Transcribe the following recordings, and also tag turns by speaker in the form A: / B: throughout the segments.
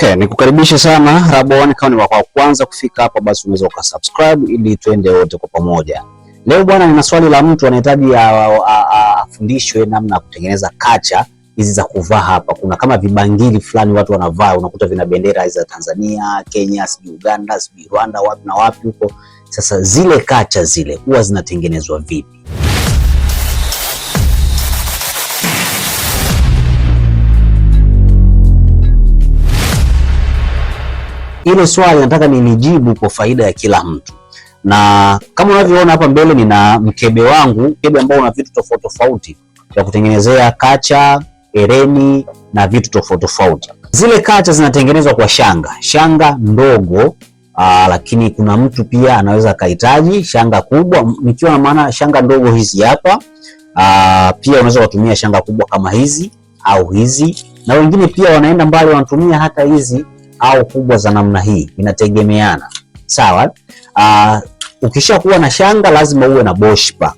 A: Okay, nikukaribisha sana Rabaone. Kama ni wako wa kwanza kufika hapa, basi unaweza ukasubscribe ili tuende wote kwa pamoja. Leo bwana, nina swali la mtu anahitaji afundishwe namna ya kutengeneza kacha hizi za kuvaa. Hapa kuna kama vibangili fulani watu wanavaa, unakuta vina bendera za Tanzania, Kenya, sijui Uganda, sijui Rwanda, wapi na wapi huko. Sasa zile kacha zile huwa zinatengenezwa vipi? hilo swali nataka nilijibu kwa faida ya kila mtu, na kama unavyoona hapa mbele nina mkebe wangu, mkebe ambao una vitu tofauti tofauti vya kutengenezea kacha, ereni na vitu tofauti tofauti. Zile kacha zinatengenezwa kwa shanga, shanga ndogo Aa, lakini kuna mtu pia anaweza akahitaji shanga kubwa, nikiwa na maana shanga ndogo hizi hapa. Aa, pia unaweza kutumia shanga kubwa kama hizi au hizi, na wengine pia wanaenda mbali wanatumia hata hizi au kubwa za namna hii, inategemeana sawa. Uh, ukishakuwa na shanga lazima uwe na boshpa.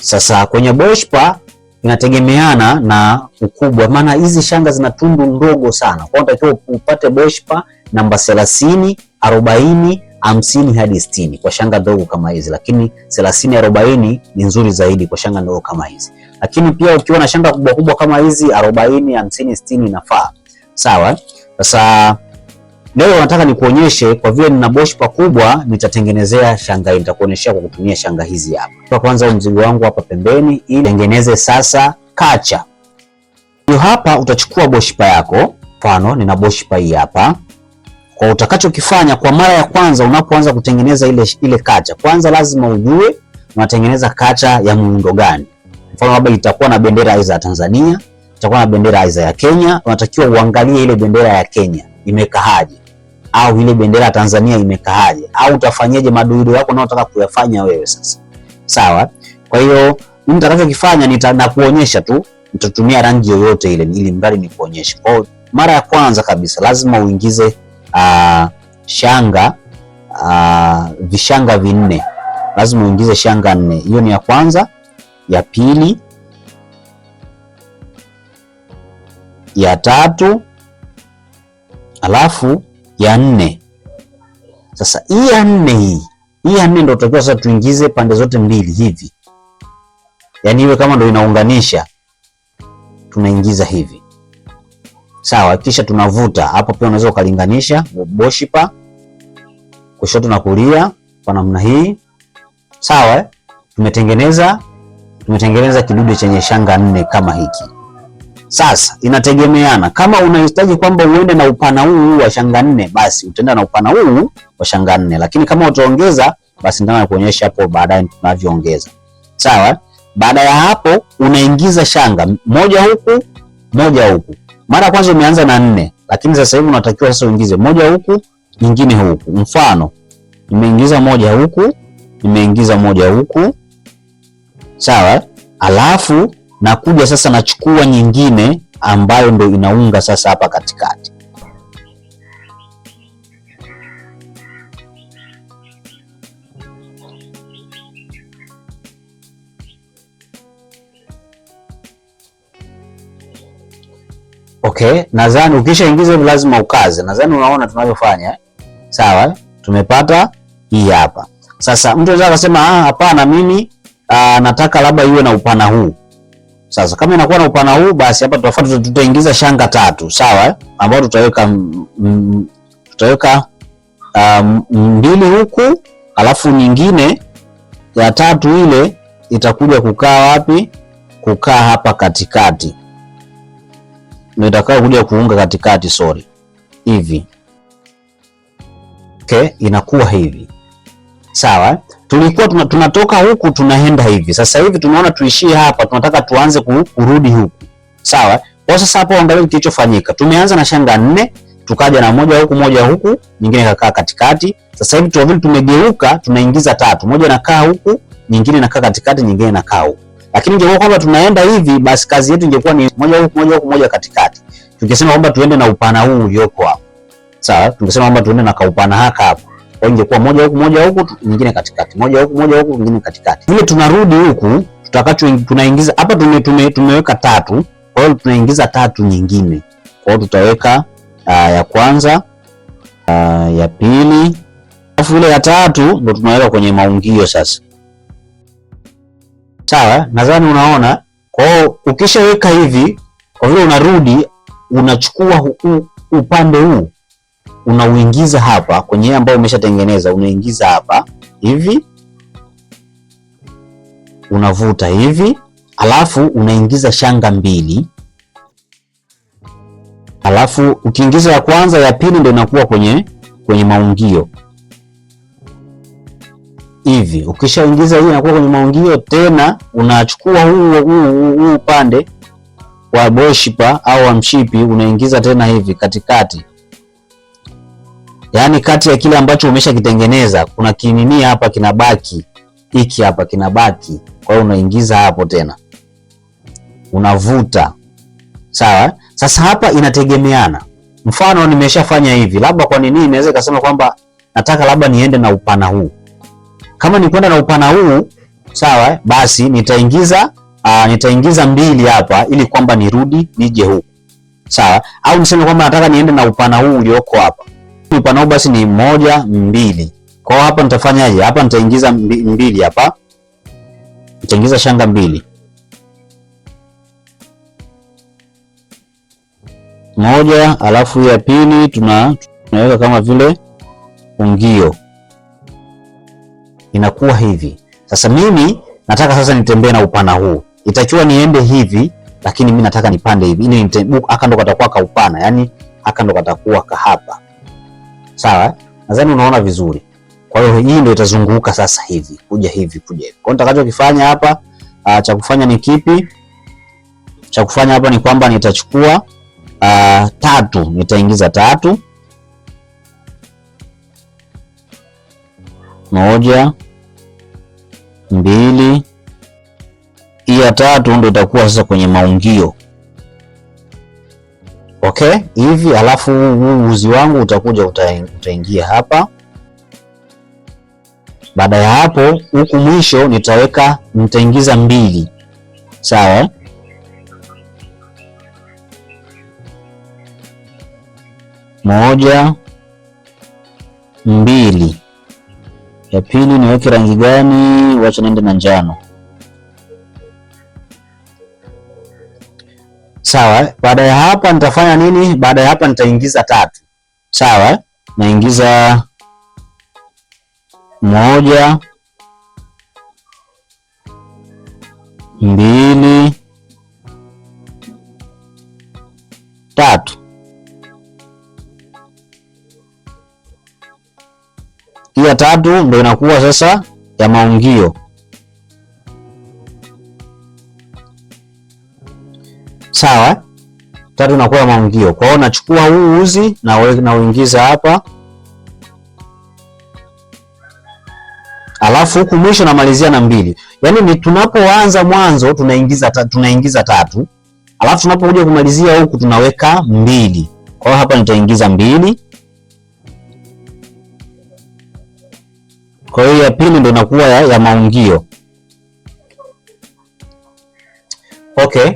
A: Sasa kwenye boshpa inategemeana na ukubwa, maana hizi shanga zina tundu ndogo sana, kwa unatakiwa upate boshpa namba 30, 40, hamsini hadi sitini kwa shanga ndogo kama hizi, lakini 30, 40 ni nzuri zaidi kwa shanga ndogo kama hizi. Lakini pia ukiwa na shanga kubwa kubwa kama hizi 40, 50, 60 inafaa sawa. Sasa leo nataka nikuonyeshe, kwa vile nina boshi pakubwa, nitatengenezea shanga hii, nitakuonyeshea kwa kutumia shanga hizi hapa. Kwa kwanza mzigo wangu hapa pembeni, ili tengeneze sasa kacha hiyo. Hapa utachukua pa yako, mfano nina pa hii hapa. Kwa utakachokifanya kwa mara ya kwanza unapoanza kutengeneza ile, ile kacha, kwanza lazima ujue unatengeneza kacha ya muundo gani. Mfano labda itakuwa na bendera za Tanzania utakuwa na bendera aidha ya Kenya, unatakiwa uangalie ile bendera ya Kenya imekahaje, au ile bendera ya Tanzania imekahaje, au utafanyaje maduido yako unayotaka kuyafanya wewe sasa. Sawa? Kwa hiyo mimi nitakachokifanya nitakuonyesha tu, nitatumia rangi yoyote ile ili mradi nikuonyeshe. Kwa mara ya kwanza kabisa lazima uingize uh, shanga uh, vishanga vinne, lazima uingize shanga nne. Hiyo ni ya kwanza, ya pili ya tatu alafu ya nne. Sasa hii ya nne hii hii ya nne ndio tutakiwa sasa tuingize pande zote mbili hivi, yaani iwe kama ndio inaunganisha, tunaingiza hivi sawa, kisha tunavuta hapo. Pia unaweza ukalinganisha boshipa kushoto na kulia kwa namna hii sawa. Eh? Tumetengeneza tumetengeneza kidude chenye shanga nne kama hiki. Sasa inategemeana kama unahitaji kwamba uende na upana huu wa shanga nne, basi utaenda na upana huu wa shanga nne, lakini kama utaongeza, basi ndio nakuonyesha hapo baadaye tunavyoongeza. Sawa. Baada ya hapo unaingiza shanga moja huku moja huku. Mara kwanza umeanza na nne, lakini sasa hivi unatakiwa sasa uingize moja huku nyingine huku. Mfano, nimeingiza moja huku, nimeingiza moja huku, sawa, alafu nakuja sasa nachukua nyingine ambayo ndo inaunga sasa hapa katikati. Okay, nadhani ukishaingiza hivi lazima ukaze. Nadhani unaona tunavyofanya. Sawa, tumepata hii hapa. Sasa mtu anaweza akasema ah, hapana mimi aa, ah, nataka labda iwe na upana huu sasa kama inakuwa na upana huu, basi hapa tutafuata, tutaingiza shanga tatu, sawa eh? Ambao tutaweka mm, tutaweka um, mbili huku alafu nyingine ya tatu ile itakuja kukaa wapi? Kukaa hapa katikati, ndio itakaa kuja kuunga katikati, sorry, hivi okay, inakuwa hivi sawa eh? tulikuwa tuna, tunatoka huku tunaenda hivi. Sasa hivi tunaona tuishie hapa, tunataka tuanze kurudi huku, sawa. Kwa sasa hapo, angalia kilichofanyika. Tumeanza na shanga nne, tukaja na moja huku, moja huku, nyingine ikakaa katikati. Sasa hivi tu vile tumegeuka, tunaingiza tatu, moja nakaa huku, nyingine nakaa katikati, nyingine nakaa huku. Lakini ingekuwa kwamba tunaenda hivi, basi kazi yetu ingekuwa ni moja huku, moja huku, moja katikati. tukisema kwamba tuende na upana huu ulioko hapo, sawa. Tungesema kwamba tuende na kaupana haka hapo kwa ingekuwa moja huku moja huku nyingine katikati, moja huku moja huku nyingine katikati. Vile tunarudi huku, tutakacho tunaingiza hapa tume, tume, tumeweka tatu, kwa hiyo tunaingiza tatu nyingine. Kwa hiyo tutaweka uh, ya kwanza uh, ya pili alafu ile ya tatu ndo tunaweka kwenye maungio sasa. Sawa, nadhani unaona. Kwa hiyo ukishaweka hivi, kwa vile unarudi unachukua huku upande huu unauingiza hapa kwenye ambao umeshatengeneza, unaingiza hapa hivi, unavuta hivi, alafu unaingiza shanga mbili, alafu ukiingiza ya kwanza, ya pili ndio inakuwa kwenye kwenye maungio hivi. Ukishaingiza hii inakuwa kwenye maungio tena, unachukua huu huu upande wa boshipa au wa mshipi, unaingiza tena hivi katikati yaani kati ya kile ambacho umeshakitengeneza kuna kinini hapa kinabaki, hiki hapa kinabaki. Kwa hiyo unaingiza hapo tena unavuta. Sawa, sasa hapa inategemeana. Mfano nimeshafanya hivi, labda kwa nini, inaweza ikasema kwamba nataka labda niende na upana huu. Kama ni kwenda na upana huu, sawa, basi nitaingiza aa, ah, nitaingiza mbili hapa ili kwamba nirudi nije huku, sawa. Au niseme kwamba nataka niende na upana huu ulioko hapa basi ni moja mbili. Kwa hapa nitafanyaje? Hapa nitaingiza mbili hapa nitaingiza shanga mbili, moja alafu ya pili tuna tunaweka kama vile ungio, inakuwa hivi. Sasa mimi nataka sasa nitembee na upana huu, itakiwa niende hivi, lakini mimi nataka nipande hivi, ili aka ndo katakuwa kaupana, yani aka ndo katakuwa hapa. Sawa? Eh? Nadhani unaona vizuri. Kwa hiyo hii ndio itazunguka sasa hivi, kuja hivi, kuja hivi. Kwa hiyo nitakachokifanya hapa, ah, cha kufanya ni kipi? Cha kufanya hapa ni kwamba nitachukua a, ah, tatu, nitaingiza tatu moja mbili, hii ya tatu ndo itakuwa sasa kwenye maungio okay hivi, alafu huu uzi wangu utakuja utaingia hapa. Baada ya hapo, huku mwisho nitaweka nitaingiza mbili, sawa eh? moja mbili. Ya pili niweke rangi gani? Wacha niende na njano. Sawa, baada ya hapa nitafanya nini? Baada ya hapa nitaingiza tatu. Sawa, naingiza moja, mbili, tatu. Hiyo tatu ndo inakuwa sasa ya maungio. sawa. Tatu unakuwa maungio. Kwa hiyo nachukua huu uzi na uingiza hapa, alafu huku mwisho namalizia na mbili. Yaani ni tunapoanza mwanzo tunaingiza tatu, tunaingiza tatu, alafu tunapokuja kumalizia huku tunaweka mbili. Kwa hiyo hapa nitaingiza mbili. Kwa hiyo ya pili ndio inakuwa ya, ya maungio. Okay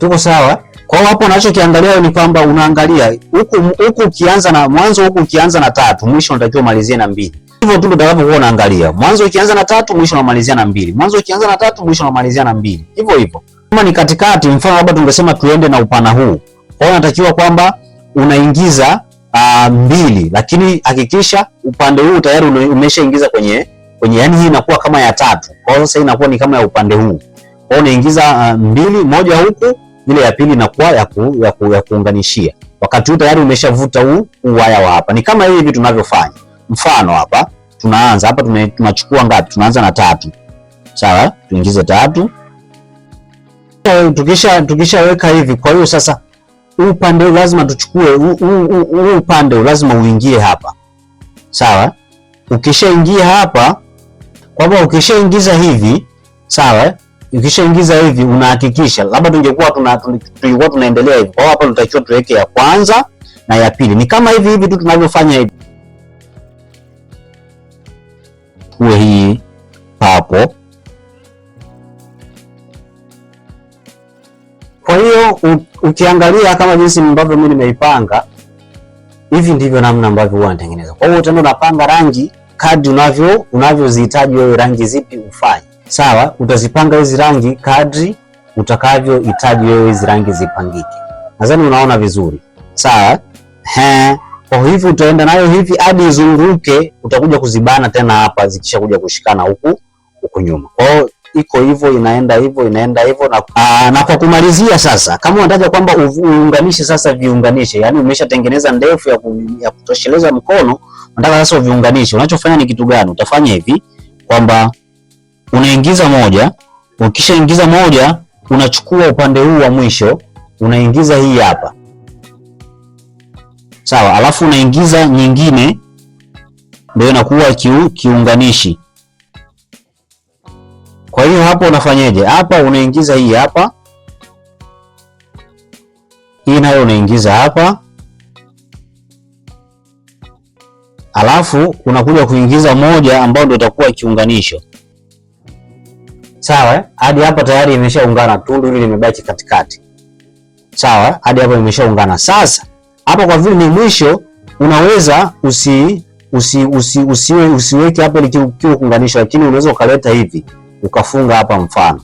A: tuko sawa. Kwa hiyo hapo unachokiangalia ni kwamba unaangalia huku huku, ukianza na mwanzo huku ukianza na tatu, mwisho unatakiwa umalizie na mbili. Hivyo tu utakapokuwa unaangalia mwanzo ukianza na tatu, mwisho unamalizia na mbili, mwanzo ukianza na tatu, mwisho unamalizia na mbili, hivyo hivyo. Kama ni katikati, mfano labda tungesema tuende na upana huu, kwa hiyo unatakiwa kwamba unaingiza uh, mbili, lakini hakikisha upande huu tayari umeshaingiza kwenye kwenye, yani hii inakuwa kama ya tatu. Kwa hiyo sasa inakuwa ni kama ya upande huu, kwa hiyo unaingiza uh, mbili moja huku ile ya pili inakuwa ya, ku, ya, ku, ya kuunganishia. Wakati huu tayari umeshavuta huu uwaya wa hapa, ni kama hivi tunavyofanya. Mfano hapa tunaanza hapa, tunachukua ngapi? Tunaanza na tatu, sawa, tuingize tatu. Tukisha tukishaweka hivi, kwa hiyo sasa huu upande lazima tuchukue huu upande lazima uingie hapa, sawa. Ukishaingia hapa, kwamba ukishaingiza hivi, sawa ukishaingiza hivi unahakikisha, labda tungekuwa tuna tulikuwa tunaendelea hivi. Kwa hapa tutakiwa tuweke ya kwanza na ya pili, ni kama hivi hivi tu tunavyofanya hivi, kuwe hii hapo. Kwa hiyo ukiangalia kama jinsi ambavyo mimi nimeipanga, hivi ndivyo namna ambavyo huwa natengeneza. Kwa hiyo utaenda unapanga rangi kadi unavyo unavyozihitaji wewe, rangi zipi ufanye sawa. Utazipanga hizi rangi kadri utakavyohitaji wewe hizi rangi zipangike. Nadhani unaona vizuri, sawa. Kwa hivyo utaenda nayo hivi hadi izunguke, utakuja kuzibana tena hapa, zikisha kuja kushikana huku huku nyuma. Kwa hiyo iko hivyo, inaenda hivyo, inaenda hivyo na, aa, na kwa kumalizia sasa, kama unataka kwamba uunganishe sasa viunganishe, yani umeshatengeneza ndefu ya, ya kutosheleza mkono, unataka sasa uviunganishe, unachofanya ni kitu gani? Utafanya hivi kwamba unaingiza moja, ukishaingiza moja unachukua upande huu wa mwisho unaingiza hii hapa sawa, alafu unaingiza nyingine, ndio inakuwa kiu, kiunganishi. Kwa hiyo hapo unafanyeje? Hapa unaingiza hii hapa, hii nayo unaingiza hapa, alafu unakuja kuingiza moja ambayo ndio itakuwa kiunganisho. Sawa, eh? hadi hapo tayari imeshaungana, tundu hili limebaki katikati. Sawa, eh? hadi hapo imeshaungana. Sasa hapo kwa vile ni mwisho, unaweza usi usi, usi, usi usiweke hapo likiwa kuunganisha, lakini unaweza ukaleta hivi ukafunga hapa, mfano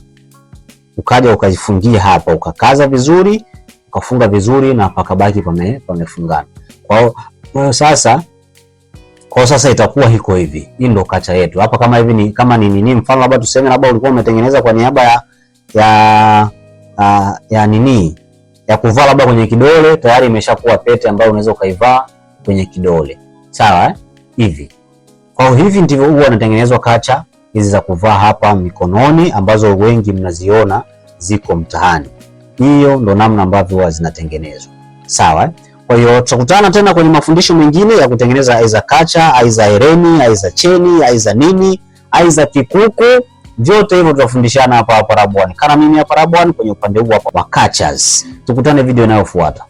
A: ukaja ukajifungia hapa, ukakaza vizuri, ukafunga vizuri na pakabaki pame pamefungana. Kwa hiyo sasa kwa sasa itakuwa hiko hivi. Hii ndo kacha yetu. Hapa kama hivi ni kama ni nini mfano labda tuseme labda ulikuwa umetengeneza kwa niaba ya ya uh, ya nini ya kuvaa labda kwenye kidole tayari imeshakuwa pete ambayo unaweza ukaivaa kwenye kidole. Sawa eh? Hivi. Kwa hivi ndivyo huwa inatengenezwa kacha hizi za kuvaa hapa mikononi ambazo wengi mnaziona ziko mtaani. Hiyo ndo namna ambavyo huwa zinatengenezwa. Sawa eh? Kwa hiyo tutakutana tena kwenye mafundisho mengine ya kutengeneza ai za kacha, ai za hereni, ai za cheni, ai za nini, ai za kikuku, vyote hivyo tutafundishana hapa hapa Rabu Kana mimi hapa Rabu kwenye upande huu hapa wa kachas. Tukutane video inayofuata.